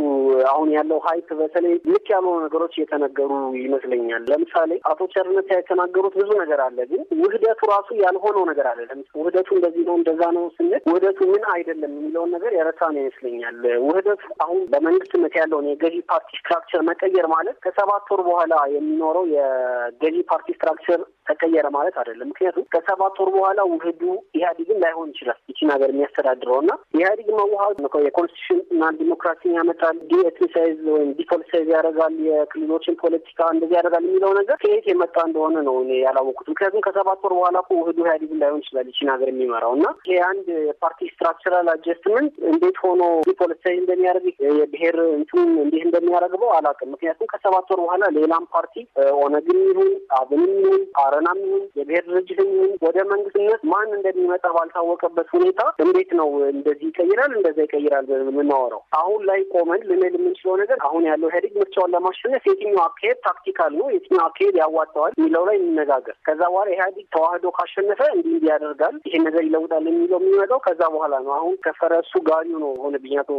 አሁን ያለው ሀይፕ በተለይ ልክ ያልሆኑ ነገሮች እየተነገሩ ይመስለኛል። ለምሳሌ አቶ ቸርነት የተናገሩት ብዙ ነገር አለ፣ ግን ውህደቱ ራሱ ያልሆነው ነገር አለ። ውህደቱ እንደዚህ ነው እንደዛ ነው ስንል ውህደቱ ምን አይደለም የሚለውን ነገር የረሳ ነው ይመስለኛል። ውህደት አሁን በመንግስትነት ያለውን የገዢ ፓርቲ ስትራክቸር መቀየር ማለት ከሰባት ወር በኋላ የሚኖረው የገዢ ፓርቲ ስትራክቸር ተቀየረ ማለት አይደለም። ምክንያቱም ከሰባት ወር በኋላ ውህዱ ኢህአዴግን ላይሆን ይችላል ይችን ሀገር የሚያስተዳድረው እና ኢህአዴግ መዋሃዱ የኮንስቲቱሽናል ዲሞክራሲን ያመጣል፣ ዲኤትኒሳይዝ ወይም ዲፖሊሳይዝ ያደርጋል፣ የክልሎችን ፖለቲካ እንደዚህ ያደርጋል የሚለው ነገር ከየት የመጣ እንደሆነ ነው እኔ ያላወቁት። ምክንያቱም ከሰባት ወር በኋላ እኮ ውህዱ ኢህአዴግን ላይሆን ይችላል ይችን ሀገር የሚመራው እና የአንድ ፓርቲ ስትራክቸራል አጀስትመንት እንዴት ሆኖ ዲፖሊሳይዝ እንደሚያደርግ የብሔር እንትን እንዲህ እንደሚያደርግበው አላውቅም። ምክንያቱም ከሰባት ወር በኋላ ሌላም ፓርቲ ኦነግም ይሁን አብንም ይሁን አረናም ይሁን የብሔር ድርጅትም ይሁን ወደ መንግስትነት ማን እንደሚመጣ ባልታወቀበት ሁኔታ እንዴት ነው እንደዚህ ይቀይራል እንደዛ ይቀይራል የምናወራው? አሁን ላይ ቆመን ልንል የምንችለው ነገር አሁን ያለው ኢህአዴግ ምርጫውን ለማሸነፍ የትኛው አካሄድ ታክቲካል ነው፣ የትኛው አካሄድ ያዋጣዋል የሚለው ላይ እንነጋገር። ከዛ በኋላ ኢህአዴግ ተዋህዶ ካሸነፈ እንዲህ እንዲህ ያደርጋል ይሄን ነገር ይለውጣል የሚለው የሚመጣው ከዛ በኋላ ነው። አሁን ከፈረሱ ጋሪው ነው ሆነ ብኛቶ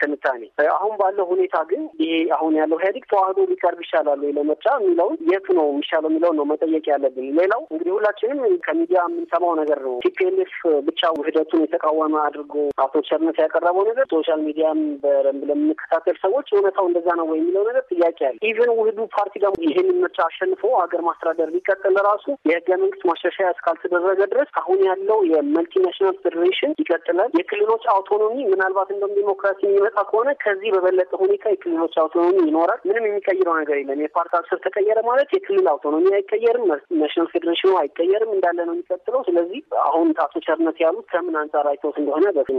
ትንታኔ። አሁን ባለው ሁኔታ ግን ይሄ አሁን ያለው ኢህአዴግ ተዋህዶ ሊቀርብ ይሻላል ወይ ለምርጫ የሚለውን የቱ ነው የሚሻለው የሚለው ነው መጠየቅ ያለብን። ሌላው እንግዲህ ሁላችንም ከሚዲያ የምንሰማው ነገር ነገር ነው። ቲፒኤልኤፍ ብቻ ውህደቱን የተቃወመ አድርጎ አቶ ቸርነት ያቀረበው ነገር ሶሻል ሚዲያም በደንብ ለምንከታተል ሰዎች እውነታው እንደዛ ነው ወይ የሚለው ነገር ጥያቄ አለ። ኢቨን ውህዱ ፓርቲ ደግሞ ይህን ምርጫ አሸንፎ ሀገር ማስተዳደር ቢቀጥል ራሱ የህገ መንግስት ማሻሻያ እስካልተደረገ ድረስ አሁን ያለው የመልቲናሽናል ፌዴሬሽን ይቀጥላል። የክልሎች አውቶኖሚ ምናልባት እንደም ዲሞክራሲ የሚመጣ ከሆነ ከዚህ በበለጠ ሁኔታ የክልሎች አውቶኖሚ ይኖራል። ምንም የሚቀይረው ነገር የለም። የፓርቲ አስር ተቀየረ ማለት የክልል አውቶኖሚ አይቀየርም፣ ናሽናል ፌዴሬሽኑ አይቀየርም፣ እንዳለ ነው የሚቀጥለው። ስለዚህ አሁን አቶ ቸርነት ያሉት ከምን አንጻር አይተውት እንደሆነ በስም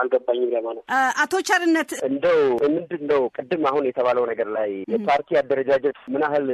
አልገባኝም ለማለት አቶ ቸርነት እንደው ምንድን ነው ቅድም አሁን የተባለው ነገር ላይ የፓርቲ አደረጃጀት ምን ያህል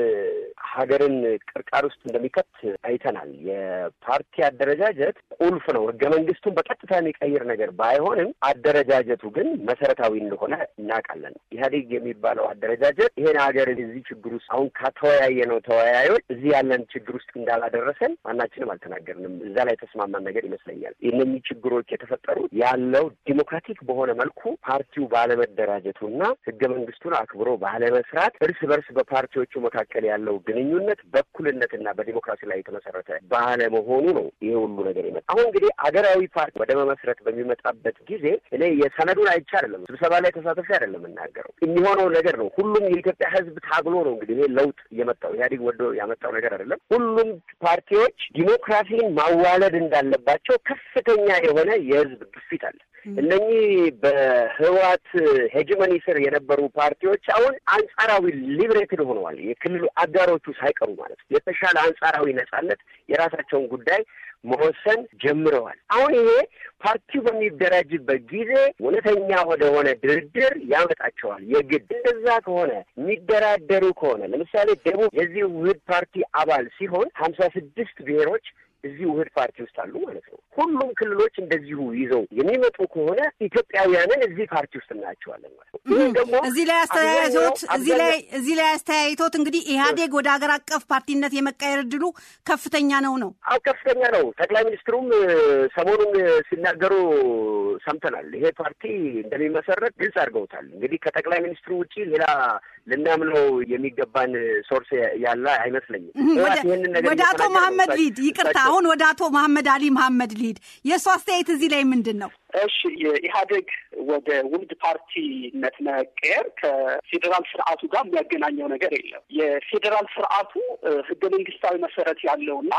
ሀገርን ቅርቃር ውስጥ እንደሚከት አይተናል። የፓርቲ አደረጃጀት ቁልፍ ነው። ህገ መንግስቱን በቀጥታ የሚቀይር ነገር ባይሆንም አደረጃጀቱ ግን መሰረታዊ እንደሆነ እናውቃለን። ኢህአዴግ የሚባለው አደረጃጀት ይሄን ሀገር እዚህ ችግር ውስጥ አሁን ከተወያየ ነው ተወያዮች እዚህ ያለን ችግር ውስጥ እንዳላደረሰን ማናችንም አልተናገርንም። እዛ ላይ ያልተስማማን ነገር ይመስለኛል። እነኚህ ችግሮች የተፈጠሩት ያለው ዲሞክራቲክ በሆነ መልኩ ፓርቲው ባለመደራጀቱና ህገ መንግስቱን አክብሮ ባለመስራት፣ እርስ በርስ በፓርቲዎቹ መካከል ያለው ግንኙነት በእኩልነትና በዲሞክራሲ ላይ የተመሰረተ ባለመሆኑ ነው ይሄ ሁሉ ነገር ይመጣ። አሁን እንግዲህ አገራዊ ፓርቲ ወደ መመስረት በሚመጣበት ጊዜ እኔ የሰነዱን አይቼ አይደለም ስብሰባ ላይ ተሳተፊ አይደለም የምናገረው የሚሆነው ነገር ነው። ሁሉም የኢትዮጵያ ህዝብ ታግሎ ነው እንግዲህ ይሄ ለውጥ የመጣው ኢህአዴግ ወዶ ያመጣው ነገር አይደለም። ሁሉም ፓርቲዎች ዲሞክራሲን ማዋለድ መውሰድ እንዳለባቸው ከፍተኛ የሆነ የህዝብ ግፊት አለ። እነኚህ በህወሓት ሄጅመኒ ስር የነበሩ ፓርቲዎች አሁን አንጻራዊ ሊብሬትድ ሆነዋል። የክልሉ አጋሮቹ ሳይቀሩ ማለት ነው። የተሻለ አንጻራዊ ነጻነት፣ የራሳቸውን ጉዳይ መወሰን ጀምረዋል። አሁን ይሄ ፓርቲው በሚደራጅበት ጊዜ እውነተኛ ወደ ሆነ ድርድር ያመጣቸዋል። የግድ እንደዛ ከሆነ የሚደራደሩ ከሆነ ለምሳሌ ደቡብ የዚህ ውህድ ፓርቲ አባል ሲሆን ሀምሳ ስድስት ብሔሮች እዚህ ውህድ ፓርቲ ውስጥ አሉ ማለት ነው። ሁሉም ክልሎች እንደዚሁ ይዘው የሚመጡ ከሆነ ኢትዮጵያውያንን እዚህ ፓርቲ ውስጥ እናያቸዋለን ማለት ነው። ይህ ደግሞ እዚህ ላይ አስተያየቶት እዚህ ላይ እዚህ ላይ አስተያየቶት እንግዲህ ኢህአዴግ ወደ ሀገር አቀፍ ፓርቲነት የመቀየር እድሉ ከፍተኛ ነው ነው አሁ ከፍተኛ ነው። ጠቅላይ ሚኒስትሩም ሰሞኑን ሲናገሩ ሰምተናል። ይሄ ፓርቲ እንደሚመሰረት ግልጽ አድርገውታል። እንግዲህ ከጠቅላይ ሚኒስትሩ ውጭ ሌላ ልናምነው የሚገባን ሶርስ ያለ አይመስለኝም። ወደ አቶ መሀመድ ሊድ ይቅርታ፣ አሁን ወደ አቶ መሀመድ አሊ መሀመድ ሊድ የእሱ አስተያየት እዚህ ላይ ምንድን ነው? እሺ የኢህአዴግ ወደ ውህድ ፓርቲነት መቀየር ከፌዴራል ስርዓቱ ጋር የሚያገናኘው ነገር የለም። የፌዴራል ስርዓቱ ህገ መንግስታዊ መሰረት ያለውና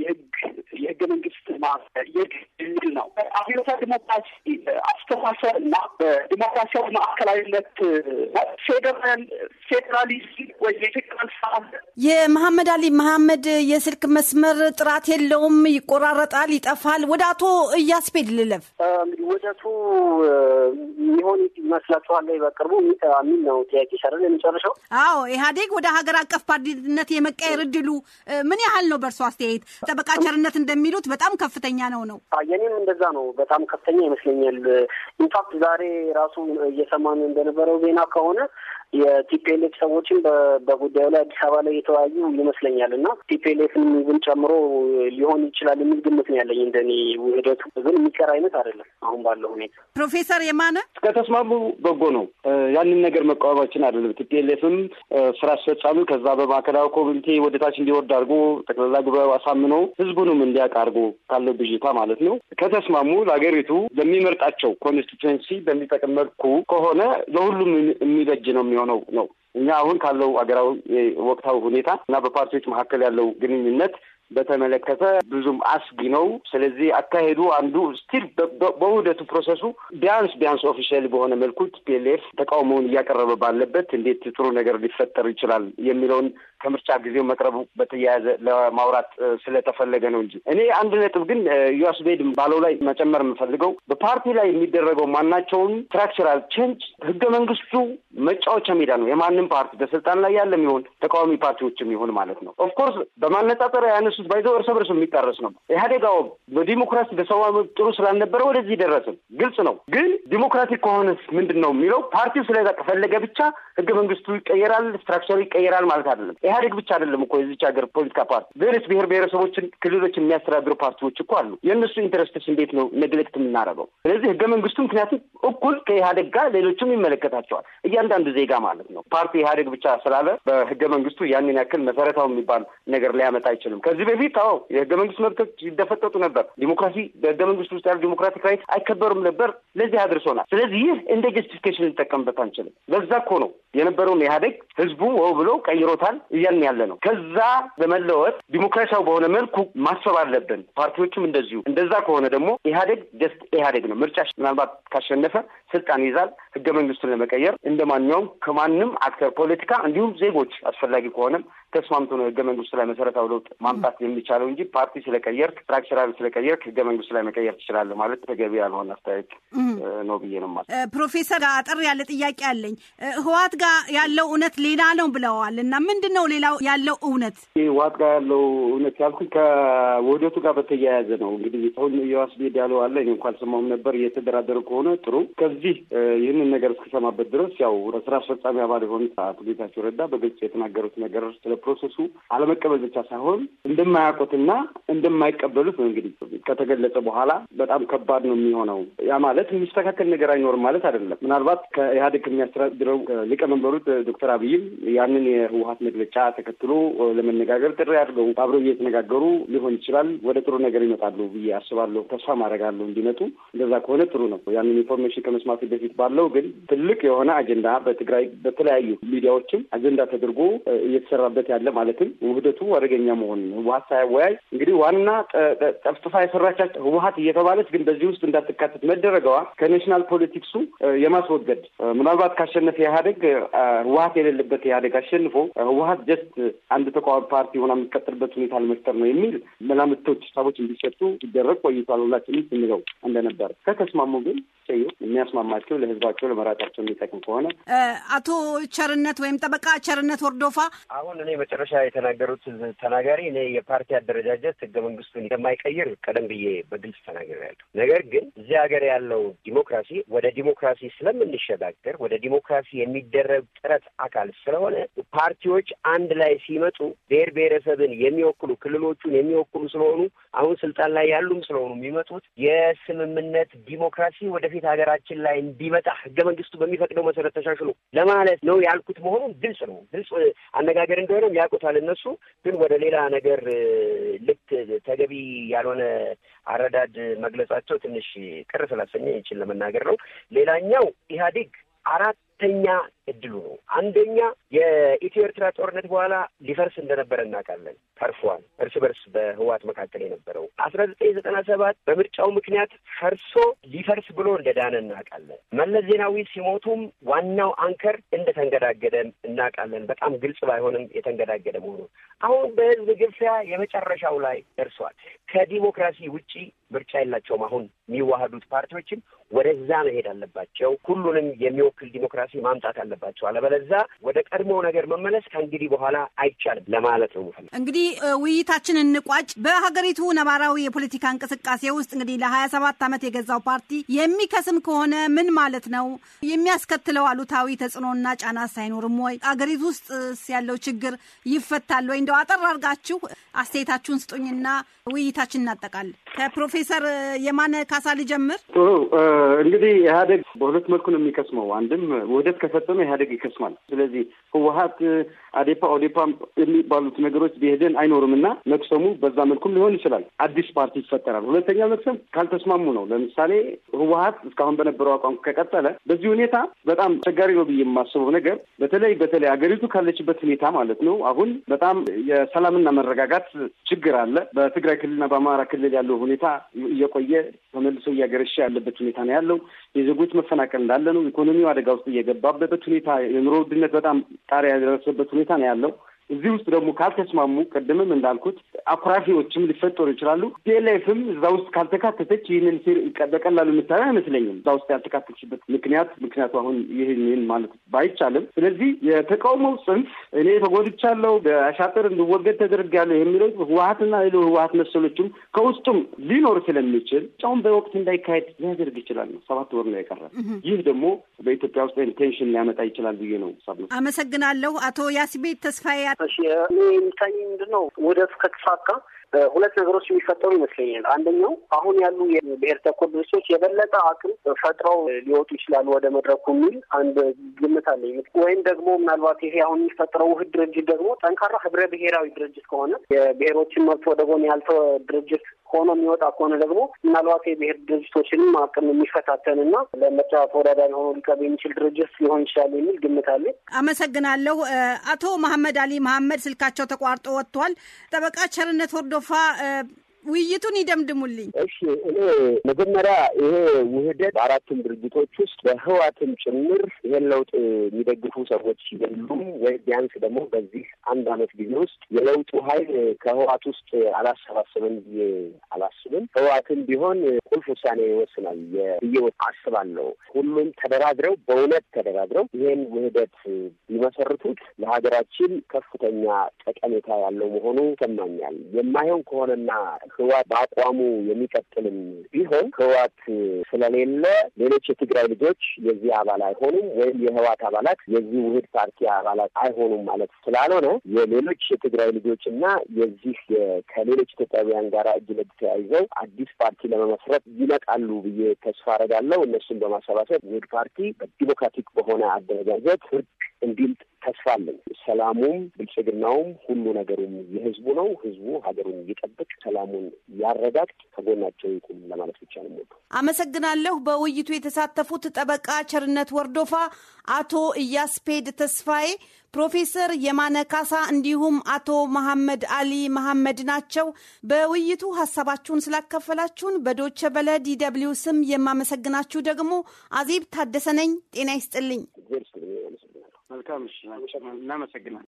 የህግ የህገ መንግስት የግ የሚል ነው። አብዮታ ዲሞክራሲ አስተሳሰብ እና በዲሞክራሲያዊ ማዕከላዊነት ፌዴራል ፌዴራሊዝም ወይ የፌዴራል ስርዓት የመሐመድ አሊ መሐመድ የስልክ መስመር ጥራት የለውም፣ ይቆራረጣል፣ ይጠፋል። ወደ አቶ እያስፔድ ልለፍ። እንግዲህ ወተቱ የሚሆን ይመስላችኋል? ላይ በቅርቡ የሚል ነው ጥያቄ ሸረን የመጨረሻው። አዎ ኢህአዴግ ወደ ሀገር አቀፍ ፓርቲነት የመቀየር እድሉ ምን ያህል ነው? በእርሶ አስተያየት ጠበቃ ቸርነት እንደሚሉት በጣም ከፍተኛ ነው ነው? የኔም እንደዛ ነው፣ በጣም ከፍተኛ ይመስለኛል። ኢንፋክት ዛሬ ራሱ እየሰማን እንደነበረው ዜና ከሆነ የቲፒኤልኤፍ ሰዎችም በጉዳዩ ላይ አዲስ አበባ ላይ የተወያዩ ይመስለኛል እና ቲፒኤልኤፍን ግን ጨምሮ ሊሆን ይችላል የሚል ግምት ነው ያለኝ። እንደኔ ውህደቱ ግን የሚቀር አይነት አይደለም አሁን ባለው ሁኔታ። ፕሮፌሰር የማነ ከተስማሙ በጎ ነው። ያንን ነገር መቃወማችን አይደለም። ቲፒኤልኤፍም ስራ አስፈጻሚ ከዛ በማዕከላዊ ኮሚቴ ወደታች እንዲወርድ አድርጎ ጠቅላላ ጉባኤው አሳምኖ ህዝቡንም እንዲያውቅ አድርጎ ካለው ብዥታ ማለት ነው ከተስማሙ ለሀገሪቱ ለሚመርጣቸው ኮንስቲቱዌንሲ በሚጠቅም መልኩ ከሆነ ለሁሉም የሚበጅ ነው የሚሆ የሚሆነው ነው። እኛ አሁን ካለው ሀገራዊ ወቅታዊ ሁኔታ እና በፓርቲዎች መካከል ያለው ግንኙነት በተመለከተ ብዙም አስጊ ነው። ስለዚህ አካሄዱ አንዱ ስቲል በውህደቱ ፕሮሰሱ ቢያንስ ቢያንስ ኦፊሻል በሆነ መልኩ ቲፒኤልኤፍ ተቃውሞውን እያቀረበ ባለበት እንዴት ጥሩ ነገር ሊፈጠር ይችላል የሚለውን ከምርጫ ጊዜው መቅረቡ በተያያዘ ለማውራት ስለተፈለገ ነው እንጂ እኔ አንድ ነጥብ ግን ዩስቤድ ባለው ላይ መጨመር የምፈልገው በፓርቲ ላይ የሚደረገው ማናቸውም ስትራክቸራል ቼንጅ ህገ መንግስቱ መጫወቻ ሜዳ ነው። የማንም ፓርቲ በስልጣን ላይ ያለ የሚሆን ተቃዋሚ ፓርቲዎችም ይሆን ማለት ነው። ኦፍኮርስ በማነጣጠሪያ ያነሱት ባይዘ እርስ በርስ የሚጣረስ ነው። ኢህአዴግ በዲሞክራሲ በሰብአዊ መብት ጥሩ ስላልነበረ ወደዚህ ደረስን፣ ግልጽ ነው። ግን ዲሞክራቲክ ከሆነ ምንድን ነው የሚለው ፓርቲው ከፈለገ ብቻ ህገ መንግስቱ ይቀየራል፣ ስትራክቸሩ ይቀየራል ማለት አይደለም። ኢህአዴግ ብቻ አይደለም እኮ የዚች ሀገር ፖለቲካ ፓርቲ ብሔርስ ብሔር ብሔረሰቦችን ክልሎች የሚያስተዳድሩ ፓርቲዎች እኮ አሉ። የእነሱ ኢንተረስቶች እንዴት ነው ነግሌክት የምናደርገው? ስለዚህ ህገ መንግስቱ ምክንያቱም እኩል ከኢህአዴግ ጋር ሌሎችም ይመለከታቸዋል። እያንዳንዱ ዜጋ ማለት ነው። ፓርቲ ኢህአዴግ ብቻ ስላለ በህገ መንግስቱ ያንን ያክል መሰረታዊ የሚባል ነገር ሊያመጣ አይችልም። ከዚህ በፊት አዎ የህገ መንግስት መብቶች ይደፈጠጡ ነበር። ዲሞክራሲ በህገ መንግስት ውስጥ ያሉ ዲሞክራቲክ ራይት አይከበሩም ነበር። ለዚህ አድርሶናል። ስለዚህ ይህ እንደ ጀስቲፊኬሽን ልንጠቀምበት አንችልም። በዛ እኮ ነው የነበረውን ኢህአዴግ ህዝቡ ወው ብሎ ቀይሮታል። እያልን ያለ ነው። ከዛ በመለወጥ ዲሞክራሲያዊ በሆነ መልኩ ማሰብ አለብን። ፓርቲዎችም እንደዚሁ። እንደዛ ከሆነ ደግሞ ኢህአዴግ ደስ ኢህአዴግ ነው። ምርጫ ምናልባት ካሸነፈ ስልጣን ይዛል። ህገ መንግስቱን ለመቀየር እንደ ማንኛውም ከማንም አክተር ፖለቲካ፣ እንዲሁም ዜጎች አስፈላጊ ከሆነም ተስማምቶ ነው ህገ መንግስቱ ላይ መሰረታዊ ለውጥ ማምጣት የሚቻለው እንጂ ፓርቲ ስለቀየር ስትራክቸራል ስለቀየር ህገ መንግስቱ ላይ መቀየር ትችላለህ ማለት ተገቢ ያልሆነ አስተያየት ነው ብዬ ነው ማለት። ፕሮፌሰር አጠር ያለ ጥያቄ አለኝ። ህዋት ጋር ያለው እውነት ሌላ ነው ብለዋል እና ምንድን ነው ሌላው ያለው እውነት ዋጥጋ ያለው እውነት ያልኩ ከውህደቱ ጋር በተያያዘ ነው። እንግዲህ አሁን የዋስ የዋስቤድ ያለው አለ እኔ እንኳን ሰማሁም ነበር። እየተደራደሩ ከሆነ ጥሩ። ከዚህ ይህንን ነገር እስከሰማበት ድረስ ያው ስራ አስፈጻሚ አባል የሆኑት አቶ ጌታቸው ረዳ በግልጽ የተናገሩት ነገር ስለ ፕሮሰሱ አለመቀበል ብቻ ሳይሆን እንደማያውቁትና እንደማይቀበሉት ነው እንግዲህ ከተገለጸ በኋላ በጣም ከባድ ነው የሚሆነው። ያ ማለት የሚስተካከል ነገር አይኖርም ማለት አይደለም። ምናልባት ከኢህአዴግ የሚያስተዳድረው ሊቀመንበሩት ዶክተር አብይም ያንን የህወሀት መግለጫ ምርጫ ተከትሎ ለመነጋገር ጥሪ አድርገው አብረው እየተነጋገሩ ሊሆን ይችላል ወደ ጥሩ ነገር ይመጣሉ ብዬ አስባለሁ። ተስፋ ማድረጋለሁ እንዲመጡ። እንደዛ ከሆነ ጥሩ ነው። ያንን ኢንፎርሜሽን ከመስማት በፊት ባለው ግን ትልቅ የሆነ አጀንዳ በትግራይ በተለያዩ ሚዲያዎችም አጀንዳ ተደርጎ እየተሰራበት ያለ ማለትም ውህደቱ አደገኛ መሆኑ ህወሀት ሳያወያይ እንግዲህ ዋና ጠፍጥፋ የሰራቻት ህወሀት እየተባለች ግን በዚህ ውስጥ እንዳትካተት መደረገዋ ከኔሽናል ፖለቲክሱ የማስወገድ ምናልባት ካሸነፈ ኢህአዴግ ህወሀት የሌለበት ኢህአዴግ አሸንፎ ህወሀት ጀስት አንድ ተቃዋሚ ፓርቲ ሆና የምትቀጥልበት ሁኔታ ለመፍጠር ነው የሚል መላምቶች፣ ሀሳቦች እንዲሰጡ ሲደረግ ቆይቷል። ሁላችንም ስንለው እንደነበር ከተስማሙ ግን የሚያስማማቸው ለህዝባቸው ለመራጫቸው የሚጠቅም ከሆነ አቶ ቸርነት ወይም ጠበቃ ቸርነት ወርዶፋ አሁን እኔ መጨረሻ የተናገሩት ተናጋሪ እኔ የፓርቲ አደረጃጀት ህገ መንግስቱን እንደማይቀይር ቀደም ብዬ በግልጽ ተናግሬያለሁ። ነገር ግን እዚህ ሀገር ያለው ዲሞክራሲ ወደ ዲሞክራሲ ስለምንሸጋገር ወደ ዲሞክራሲ የሚደረግ ጥረት አካል ስለሆነ ፓርቲዎች አንድ ላይ ሲመጡ ብሔር ብሔረሰብን የሚወክሉ ክልሎቹን የሚወክሉ ስለሆኑ አሁን ስልጣን ላይ ያሉም ስለሆኑ የሚመጡት የስምምነት ዲሞክራሲ ወደፊት ሀገራችን ላይ እንዲመጣ ህገ መንግስቱ በሚፈቅደው መሰረት ተሻሽሎ ለማለት ነው ያልኩት መሆኑን ግልጽ ነው። ግልጽ አነጋገር እንደሆነም ያውቁታል እነሱ። ግን ወደ ሌላ ነገር ልክ ተገቢ ያልሆነ አረዳድ መግለጻቸው ትንሽ ቅር ስላሰኘ ይችል ለመናገር ነው። ሌላኛው ኢህአዴግ አራተኛ እድሉ ነው። አንደኛ የኢትዮ ኤርትራ ጦርነት በኋላ ሊፈርስ እንደነበረ እናውቃለን። ፈርሷል። እርስ በርስ በህዋት መካከል የነበረው አስራ ዘጠኝ ዘጠና ሰባት በምርጫው ምክንያት ፈርሶ ሊፈርስ ብሎ እንደዳነ እናውቃለን። መለስ ዜናዊ ሲሞቱም ዋናው አንከር እንደተንገዳገደ እናውቃለን። በጣም ግልጽ ባይሆንም የተንገዳገደ መሆኑ አሁን በህዝብ ግፊያ የመጨረሻው ላይ ደርሷል። ከዲሞክራሲ ውጪ ምርጫ የላቸውም። አሁን የሚዋህዱት ፓርቲዎችም ወደዛ መሄድ አለባቸው። ሁሉንም የሚወክል ዲሞክራሲ ማምጣት አለ አለባቸው። አለበለዛ ወደ ቀድሞ ነገር መመለስ ከእንግዲህ በኋላ አይቻልም ለማለት ነው። እንግዲህ ውይይታችን እንቋጭ። በሀገሪቱ ነባራዊ የፖለቲካ እንቅስቃሴ ውስጥ እንግዲህ ለሀያ ሰባት ዓመት የገዛው ፓርቲ የሚከስም ከሆነ ምን ማለት ነው? የሚያስከትለው አሉታዊ ተጽዕኖና ጫናስ አይኖርም ወይ? አገሪቱ ውስጥ ያለው ችግር ይፈታል ወይ? እንደው አጠር አድርጋችሁ አስተያየታችሁን ስጡኝና ውይይታችን እናጠቃል። ከፕሮፌሰር የማነ ካሳ ልጀምር። ጥሩ እንግዲህ ኢህአዴግ በሁለት መልኩ ነው የሚከስመው። አንድም ውህደት ከፈጸመ ኢህአዴግ ይከስማል። ስለዚህ ህወሀት፣ አዴፓ፣ ኦዴፓ የሚባሉት ነገሮች ብሄደን አይኖርም እና መክሰሙ በዛ መልኩም ሊሆን ይችላል። አዲስ ፓርቲ ይፈጠራል። ሁለተኛ መክሰም ካልተስማሙ ነው። ለምሳሌ ህወሀት እስካሁን በነበረው አቋም ከቀጠለ በዚህ ሁኔታ በጣም አስቸጋሪ ነው ብዬ የማስበው ነገር በተለይ በተለይ አገሪቱ ካለችበት ሁኔታ ማለት ነው አሁን በጣም የሰላምና መረጋጋት ችግር አለ። በትግራይ ክልልና በአማራ ክልል ያለው ሁኔታ እየቆየ ተመልሶ እያገረሻ ያለበት ሁኔታ ነው ያለው። የዜጎች መፈናቀል እንዳለ ነው። ኢኮኖሚው አደጋ ውስጥ እየገባበት ሁኔታ የኑሮ ውድነት በጣም ጣሪያ የደረሰበት ሁኔታ ነው ያለው። እዚህ ውስጥ ደግሞ ካልተስማሙ ቀደምም እንዳልኩት አኩራፊዎችም ሊፈጠሩ ይችላሉ። ፒኤልኤፍም እዛ ውስጥ ካልተካተተች ይህንን ሲር በቀላሉ የምታየው አይመስለኝም። እዛ ውስጥ ያልተካተችበት ምክንያት ምክንያቱ አሁን ይህንን ማለት ባይቻልም፣ ስለዚህ የተቃውሞው ጽንፍ እኔ ተጎድቻለሁ፣ በአሻጥር እንድወገድ ተደርጊያለሁ የሚለው ህወሀትና ሌሎ ህወሀት መሰሎችም ከውስጡም ሊኖር ስለሚችል ጫውን በወቅት እንዳይካሄድ ሊያደርግ ይችላል። ነው ሰባት ወር ነው የቀረ። ይህ ደግሞ በኢትዮጵያ ውስጥ ቴንሽን ሊያመጣ ይችላል ብዬ ነው። አመሰግናለሁ አቶ ያሲቤት ተስፋዬ እሺ የሚታይ የሚታየኝ ምንድን ነው ወደፊት ከተሳካ ሁለት ነገሮች የሚፈጠሩ ይመስለኛል። አንደኛው አሁን ያሉ የብሔር ተኮር ድርጅቶች የበለጠ አቅም ፈጥረው ሊወጡ ይችላሉ ወደ መድረኩ የሚል አንድ ግምት አለኝ። ወይም ደግሞ ምናልባት ይሄ አሁን የሚፈጠረው ውህድ ድርጅት ደግሞ ጠንካራ ህብረ ብሔራዊ ድርጅት ከሆነ የብሔሮችን መብት ወደ ጎን ያልተ ድርጅት ሆኖ የሚወጣ ከሆነ ደግሞ ምናልባት የብሔር ድርጅቶችንም አቅም የሚፈታተንና ለምርጫ ተወዳዳሪ ሆኖ ሊቀርብ የሚችል ድርጅት ሊሆን ይችላል የሚል ግምት አለ። አመሰግናለሁ። አቶ መሐመድ አሊ መሐመድ ስልካቸው ተቋርጦ ወጥቷል። ጠበቃ ቸርነት ወርዶ وفاء ውይይቱን ይደምድሙልኝ። እሺ እኔ መጀመሪያ ይሄ ውህደት በአራቱም ድርጅቶች ውስጥ በህዋትም ጭምር ይሄን ለውጥ የሚደግፉ ሰዎች የሉም ወይ ቢያንስ ደግሞ በዚህ አንድ አመት ጊዜ ውስጥ የለውጡ ኃይል ከህዋት ውስጥ አላሰባሰበም ብዬ አላስብም። ህዋትም ቢሆን ቁልፍ ውሳኔ ይወስናል ብዬ አስባለሁ። ሁሉም ተደራድረው በእውነት ተደራድረው ይሄን ውህደት ቢመሰርቱት ለሀገራችን ከፍተኛ ጠቀሜታ ያለው መሆኑ ይሰማኛል። የማይሆን ከሆነና ህዋት በአቋሙ የሚቀጥልም ቢሆን ህዋት ስለሌለ ሌሎች የትግራይ ልጆች የዚህ አባል አይሆኑም ወይም የህዋት አባላት የዚህ ውህድ ፓርቲ አባላት አይሆኑም ማለት ስላልሆነ የሌሎች የትግራይ ልጆች እና የዚህ ከሌሎች ኢትዮጵያውያን ጋር እጅ ለእጅ ተያይዘው አዲስ ፓርቲ ለመመስረት ይመጣሉ ብዬ ተስፋ አረጋለሁ። እነሱን በማሰባሰብ ውህድ ፓርቲ በዲሞክራቲክ በሆነ አደረጃጀት ህግ እንዲል ተስፋ አለኝ። ሰላሙም ብልጽግናውም ሁሉ ነገሩም የህዝቡ ነው። ህዝቡ ሀገሩን ይጠብቅ፣ ሰላሙን ያረጋግጥ፣ ከጎናቸው ይቁም ለማለት ብቻ ነው። አመሰግናለሁ። በውይይቱ የተሳተፉት ጠበቃ ቸርነት ወርዶፋ፣ አቶ እያስፔድ ተስፋዬ፣ ፕሮፌሰር የማነ ካሳ እንዲሁም አቶ መሐመድ አሊ መሐመድ ናቸው። በውይይቱ ሀሳባችሁን ስላካፈላችሁን በዶቸ በለ ዲ ስም የማመሰግናችሁ ደግሞ አዜብ ታደሰ ነኝ። ጤና ይስጥልኝ። መልካም እናመሰግናል።